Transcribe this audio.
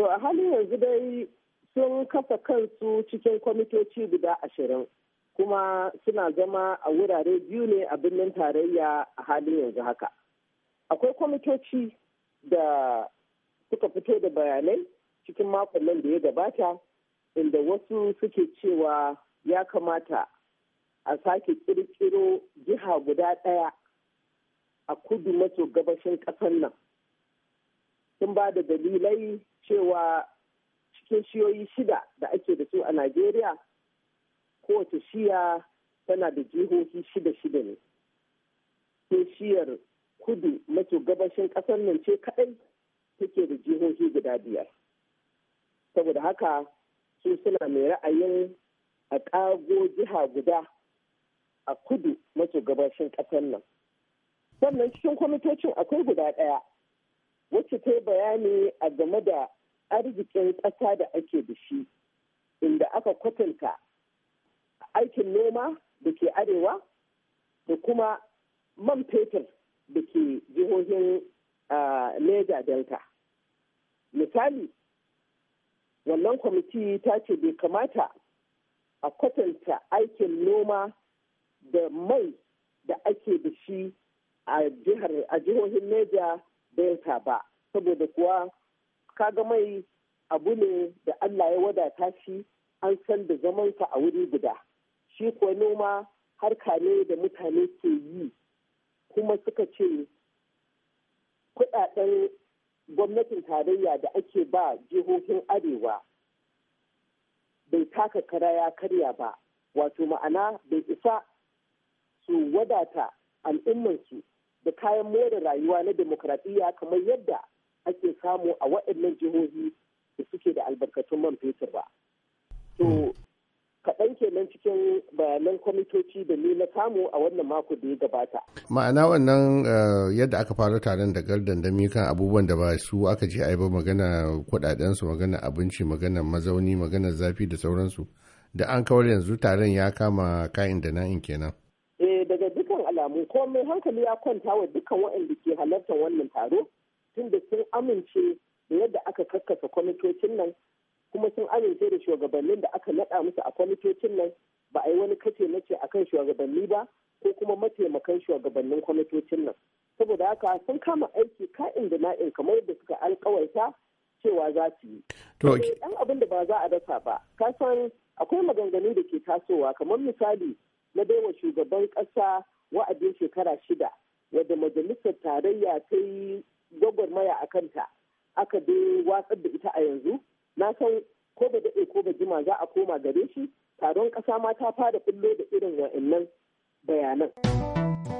To a halin yanzu dai sun kafa kansu cikin kwamitoci guda ashirin kuma suna zama a wurare biyu ne a birnin tarayya a halin yanzu haka. Akwai kwamitoci da suka fito da bayanai cikin makon nan da ya gabata inda wasu suke cewa ya kamata a sake kirkiro jiha guda ɗaya a kudu maso gabashin ƙasar nan. Sun ba da dalilai cewa cikin shiyoyi shida da ake da su a Najeriya kowace shiya tana da jihohi shida-shida ne. Sai shiyar kudu mace gabashin ƙasar nan ce kaɗai take da jihohi guda biyar. Saboda haka su suna mai ra'ayin a ƙago jiha guda a kudu mace gabashin ƙasar nan. Sannan cikin kwamitocin akwai guda ɗaya wacce ta yi bayani a game da arzikin ƙasa da ake da shi inda aka kwatanta aikin noma da ke arewa da kuma man fetur da ke jihohin Neja Delta. Misali, wannan kwamiti ta ce bai kamata a kwatanta aikin noma da mai da ake da shi a jihohin Neja Delta ba, saboda kuwa kaga mai abu ne da Allah ya wadata shi an san da zamansa a wuri guda shi kuwa noma harka ne da mutane ke yi kuma suka ce kudaden gwamnatin tarayya da ake ba jihohin arewa bai taka kara ya karya ba wato ma'ana bai isa su wadata al'ummansu da kayan more rayuwa na demokradiyya kamar yadda ake samu a waɗannan jihohi da suke da albarkatun man fetur ba. To, hmm. kaɗan kenan cikin bayanan kwamitoci da ni na samu a wannan mako da ya gabata. Ma'ana wannan eh, yadda aka fara taron da dandami kan abubuwan da ba su aka ji ba magana kuɗaɗensu, magana abinci, magana mazauni, magana zafi da sauransu. Da an kawar yanzu taron ya kama ka'in da na'in kenan. Eh daga dukkan alamu komai hankali ya kwanta wa dukkan waɗanda ke halartar wannan taro. tun da sun amince da yadda aka kakkasa kwamitocin nan kuma sun amince da shugabannin da aka naɗa musu a kwamitocin nan ba a yi wani kace na ce kan shugabanni ba ko kuma mataimakan shugabannin kwamitocin nan saboda haka sun kama aiki ka'in da na'in kamar da suka alkawarta cewa za su yi. dan abin da ba za a dasa ba kasan akwai maganganu da ke tasowa kamar misali na baiwa shugaban ƙasa wa'adin shekara shida wadda majalisar tarayya ta yi maya a kanta aka dai watsar da ita a yanzu na san ko ba daɗe ko ba jima za a koma gare shi taron ƙasa ma ta fara kullo da irin wa'annan bayanan.